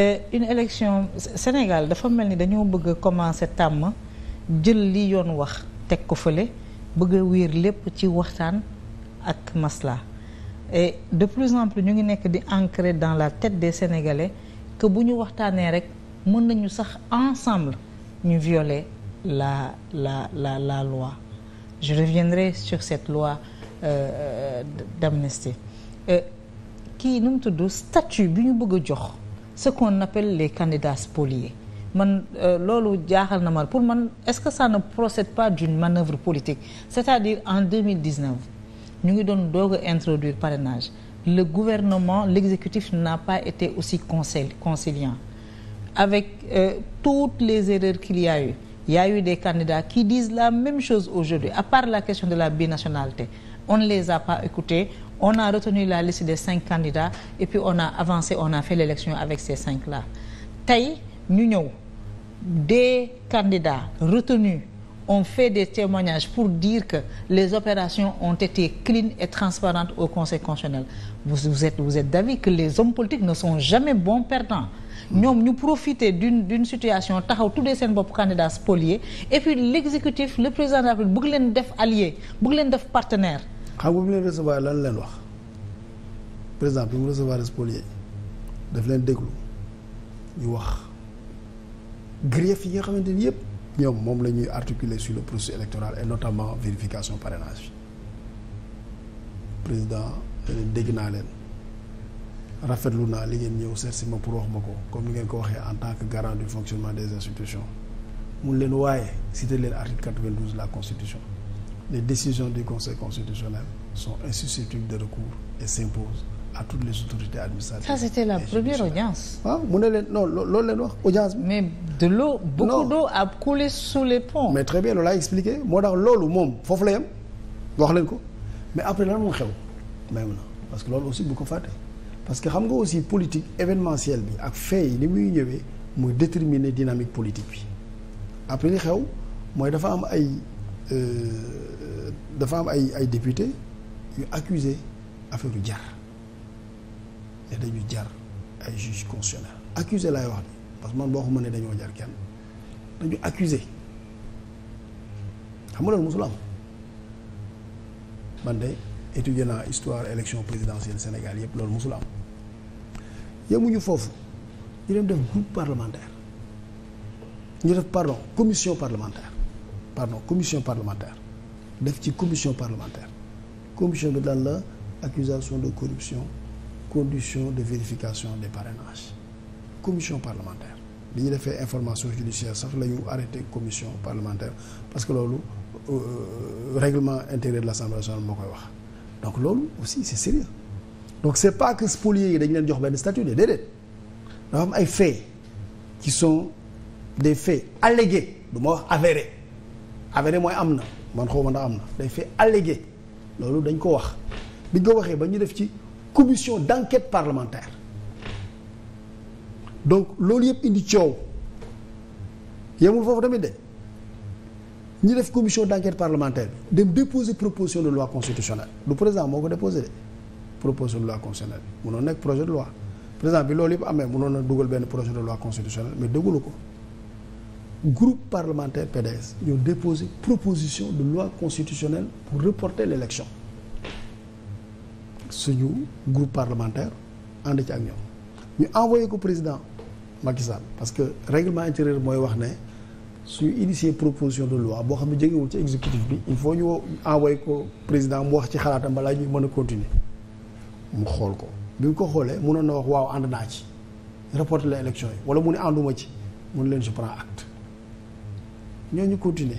Eh, une élection Sénégal dafa mel ni dañoo bëgg a commencer tàmm jël li yoon wax teg ko fële bëgg a wéer lépp ci waxtaan ak masla et de plus en ñu ngi nekk di ancrer dans la tête des Sénégalais que bu ñu waxtaanee rek mën nañu sax ensemble ñu violer la la la la loi je reviendrai sur cette loi euh, d'amnistie kii nu mu tudd statut bi ñu bëgg a jox ce qu'on appelle les candidats spoliés man euh, loolu jaaxal na ma pour man est-ce que ça ne procède pas d'une manœuvre politique c'est-à-dire en 2019 ñu ngi doon doog a introduire le gouvernement l'exécutif n'a pas été aussi concil conciliant avec euh, toutes les erreurs qu'il y a eu y a des candidats qui disent la même chose aujourd'hui à part la question de la binationalité on ne les a pas écoutés on a retenu la liste des cinq candidats et puis on a avancé on a fait l'élection avec ces cinq là tey ñu ñëw des candidats retenus ont fait des témoignages pour dire que les opérations ont été clean et transparentes au Conseil constitutionnel vous, vous êtes vous êtes d'avis que les hommes politiques ne sont jamais bons perdants ñoom ñu profiter d'une d'une situation taxaw tuddee seen bopp candidat spolié et puis l'exécutif le président de la République leen def allié bëgg leen def partenaire xam nga bu leen recevoir lan leen wax par bi mu recevoir spolié daf leen déglu ñu wax grief yi nga xamante ni yëpp ñoom moom la ñuy articuler sur le processus électoral et notamment vérification parrainage président leen dégg naa leen rafetlu naa li ngeen ñëw seet si ma pour wax ma ko comme ni ngeen ko waxee en tant que garant du fonctionnement des institutions mun leen waaye cité leen article la constitution les décisions du Conseil constitutionnel sont insusceptibles de recours et s'imposent à toutes les autorités administratives. Ça, c'était la première audience. waaw ah, mu ne leen non loolu leen wax audience bi. mais de l'eau beaucoup d'eau a coulé sous les ponts. mais très bien loolu laa expliqué moo tax loolu moom foofu la yem wax leen ko mais après lan moo xew même na parce que loolu aussi bu ko fàtte parce que xam nga aussi politique événementielle bi ak fee ni muy ñëwee muy déterminer dinamique politique bi après xew mooy dafa am ay. Euh, euh, dafa am ay ay député yu accusé affaire yu jar ne dañu jar ay juge constitutionnel accusé laay wax ni parce que man boo xuma ne dañoo jar kenn dañu accusé xam nga loolu mosul am man de étudier naa histoire élection présidentielle Sénégal yëpp loolu mosul am yemuñu foofu ñu dem def groupe parlementaire ñu def pardon commission parlementaire pardon commission parlementaire def ci commission parlementaire commission bi lan la accusation de corruption condition de vérification des parrainages commission parlementaire bi ñu defee information judiciaire sax la ñu arrêté commission parlementaire parce que loolu euh, euh, règlement intérieur de l'Assemblée nationale moo koy wax donc loolu aussi c'est sérieux donc c'est pas que spoliés yi dañu leen jox benn statut de déedéet dafa am ay faits qui sont des faits allégués du avéré mooy am na man xaw ma a am na dañ fi allégué loolu dañ ko wax biñ ko waxee ba ñu def ci commission d'enquête parlementaire donc loolu yëpp indi coow yemul foofu tamit de ñi def commission d'enquête parlementaire bi dem déposer proposition de loi constitutionnelle du président moo ko déposé de proposition de loi constitutionnelle munoon nekk projet de loi président bi loolu yëpp amee munoon na dugal benn projet de loi constitutionnelle mais déglu ko groupe parlementaire PDS ñoo déposé proposition de loi constitutionnelle pour reporter l'élection suñu groupe parlementaire ànd ci ak ñoom ñu envoyé ko président Macky Sall parce que règlement intérieur mooy wax ne suñu initier proposition de loi boo xam ne jógewul ci exécutif bi il faut ñu envoyé ko président mu wax ci xalaatam balaa ñuy mën a continuer mu xool ko bi mu ko xoolee mënoon na wax waaw ànd naa ci reporter les élections yi wala mu ne ànduma ci mun leen je prends ñooñu continuer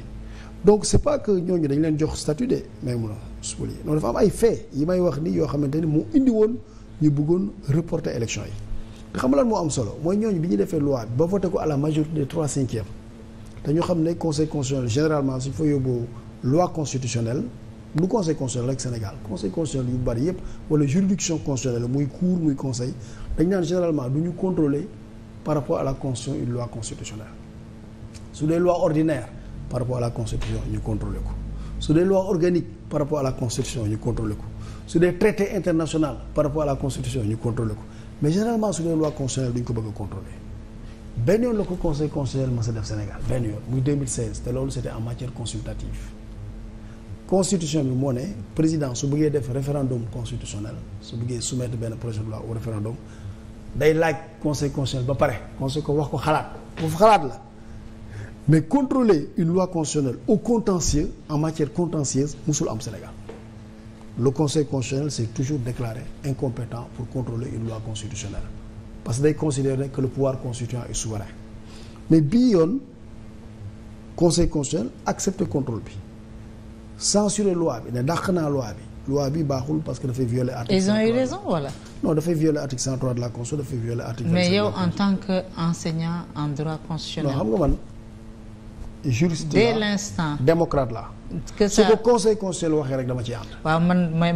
donc c' est pas que ñooñu dañ leen jox statut de may mun a suul yi dafa am ay fait yi may wax ni yoo xamante ni moo indi woon ñu bëggoon reporter élection yi te xam lan moo am solo mooy ñooñu bi ñu defee loi ba voté ko à la majorité des trois cinquièmes te ñu xam ne conseil constitutionnel généralement suñ fa yóbbu loi constitutionnelle lu conseil constitutionnel rek Sénégal conseil constitutionnel yu bari yëpp wala juridiction constitutionnelle muy cour muy conseil dañ naan généralement du ñu contrôler par rapport à la constitution une loi su dee loi ordinaire par rapport à la constitution ñu contrôler ko su dee loi organique par rapport à la constitution ñu contrôler ko su dee traité international par rapport à la constitution ñu contrôler ko mais généralement su dee loi constitutionnelle du ñu ko bëgg a contrôler benn yoon la ko conseil constitutionnel mës a def Sénégal benn yoon muy 2016 te loolu c'était en matière consultative constitution bi moo ne président su bëggee def référendum constitutionnel su bëggee soumettre benn projet de loi au référendum day laaj conseil constitutionnel ba pare conseil ko wax ko xalaat foofu xalaat la mais contrôler une loi constitutionnelle au contentieux en matière contentieuse musul am Sénégal le conseil constitutionnel s'est toujours déclaré incompétent pour contrôler une loi constitutionnelle parce que day considérer que le pouvoir constituant est souverain mais bi yoon conseil constitutionnel accepte contrôle bi censurer loi bi ne dàq naa loi bi loi bi baaxul parce que dafay violer article. ils ont eu raison voilà. non dafay violer article 103 de la constitution dafay violer article. mais yow en tant que en droit constitutionnel. non juriste la dès l'instant démocrate la. que ça su ko conseil constitutionnel waxee rek dama ci ànd. waaw man may